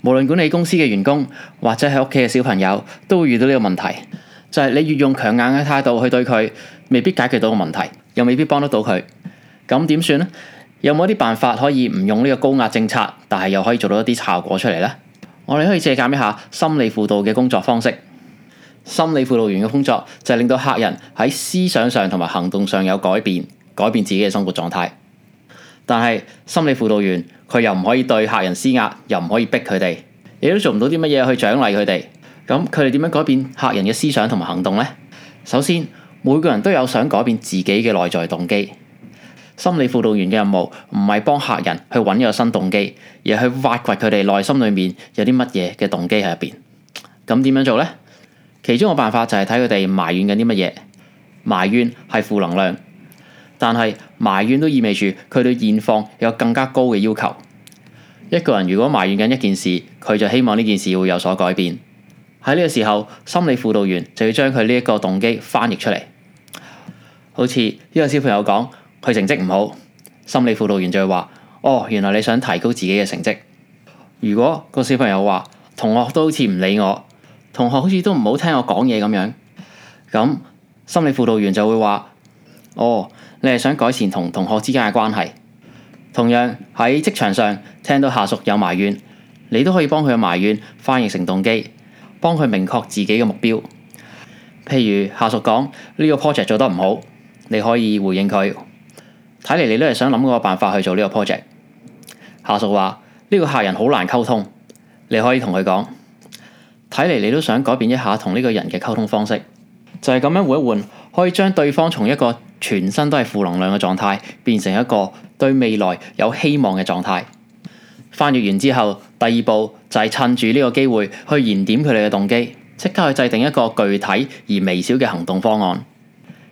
無論管理公司嘅員工或者喺屋企嘅小朋友，都會遇到呢個問題，就係你越用強硬嘅態度去對佢，未必解決到個問題，又未必幫得到佢。咁點算呢？有冇啲辦法可以唔用呢個高壓政策，但係又可以做到一啲效果出嚟呢？我哋可以借鑒一下心理輔導嘅工作方式。心理輔導員嘅工作就係令到客人喺思想上同埋行動上有改變，改變自己嘅生活狀態。但係心理輔導員佢又唔可以對客人施壓，又唔可以逼佢哋，亦都做唔到啲乜嘢去獎勵佢哋。咁佢哋點樣改變客人嘅思想同埋行動呢？首先，每個人都有想改變自己嘅內在動機。心理輔導員嘅任務唔係幫客人去搵個新動機，而係去挖掘佢哋內心裏面有啲乜嘢嘅動機喺入邊。咁點樣做呢？其中嘅辦法就係睇佢哋埋怨緊啲乜嘢，埋怨係負能量。但係埋怨都意味住佢對現況有更加高嘅要求。一個人如果埋怨緊一件事，佢就希望呢件事會有所改變。喺呢個時候，心理輔導員就要將佢呢一個動機翻譯出嚟。好似呢個小朋友講佢成績唔好，心理輔導員就會話：哦，原來你想提高自己嘅成績。如果個小朋友話同學都好似唔理我，同學好似都唔好聽我講嘢咁樣，咁心理輔導員就會話：哦。你係想改善同同學之間嘅關係，同樣喺職場上聽到下屬有埋怨，你都可以幫佢埋怨翻譯成動機，幫佢明確自己嘅目標。譬如下屬講呢個 project 做得唔好，你可以回應佢，睇嚟你都係想諗個辦法去做呢個 project。下屬話呢個客人好難溝通，你可以同佢講，睇嚟你都想改變一下同呢個人嘅溝通方式，就係咁樣換一換，可以將對方從一個全身都係負能量嘅狀態，變成一個對未來有希望嘅狀態。翻譯完之後，第二步就係趁住呢個機會去燃點佢哋嘅動機，即刻去制定一個具體而微小嘅行動方案。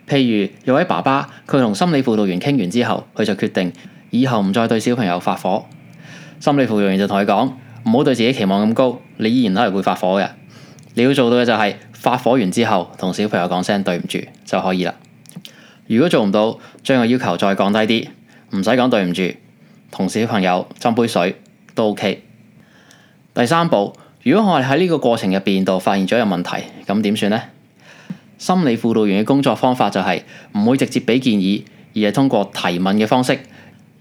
譬如有位爸爸，佢同心理輔導員傾完之後，佢就決定以後唔再對小朋友發火。心理輔導員就同佢講：唔好對自己期望咁高，你依然都係會發火嘅。你要做到嘅就係發火完之後，同小朋友講聲對唔住就可以啦。如果做唔到，將個要求再降低啲，唔使講對唔住，同小朋友斟杯水都 OK。第三步，如果我哋喺呢個過程入邊度發現咗有問題，咁點算呢？心理輔導員嘅工作方法就係唔會直接俾建議，而係通過提問嘅方式，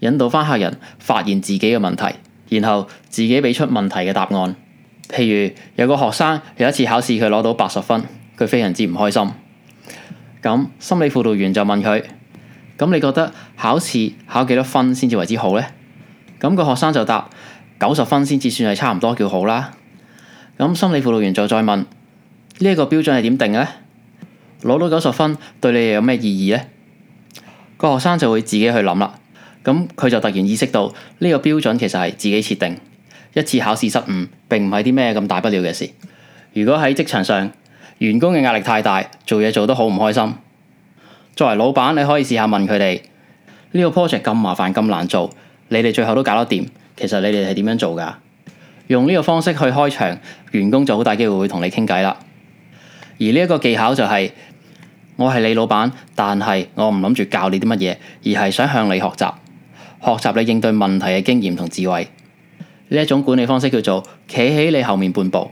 引導翻客人發現自己嘅問題，然後自己俾出問題嘅答案。譬如有個學生有一次考試，佢攞到八十分，佢非常之唔開心。咁心理輔導員就問佢：咁你覺得考試考幾多分先至為之好呢？那」咁個學生就答：九十分先至算係差唔多叫好啦。咁心理輔導員就再問：呢個標準係點定嘅？攞到九十分對你又有咩意義呢？那」個學生就會自己去諗啦。咁佢就突然意識到呢個標準其實係自己設定。一次考試失誤，並唔係啲咩咁大不了嘅事。如果喺職場上，員工嘅壓力太大，做嘢做得好唔開心。作為老闆，你可以試下問佢哋：呢個 project 咁麻煩咁難做，你哋最後都搞得掂，其實你哋係點樣做噶？用呢個方式去開場，員工就好大機會會同你傾計啦。而呢一個技巧就係：我係你老闆，但係我唔諗住教你啲乜嘢，而係想向你學習，學習你應對問題嘅經驗同智慧。呢一種管理方式叫做企喺你後面半步。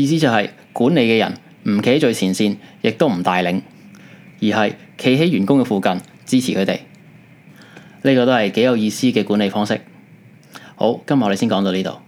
意思就係管理嘅人唔企喺最前線，亦都唔帶領，而係企喺員工嘅附近支持佢哋。呢個都係幾有意思嘅管理方式。好，今日我哋先講到呢度。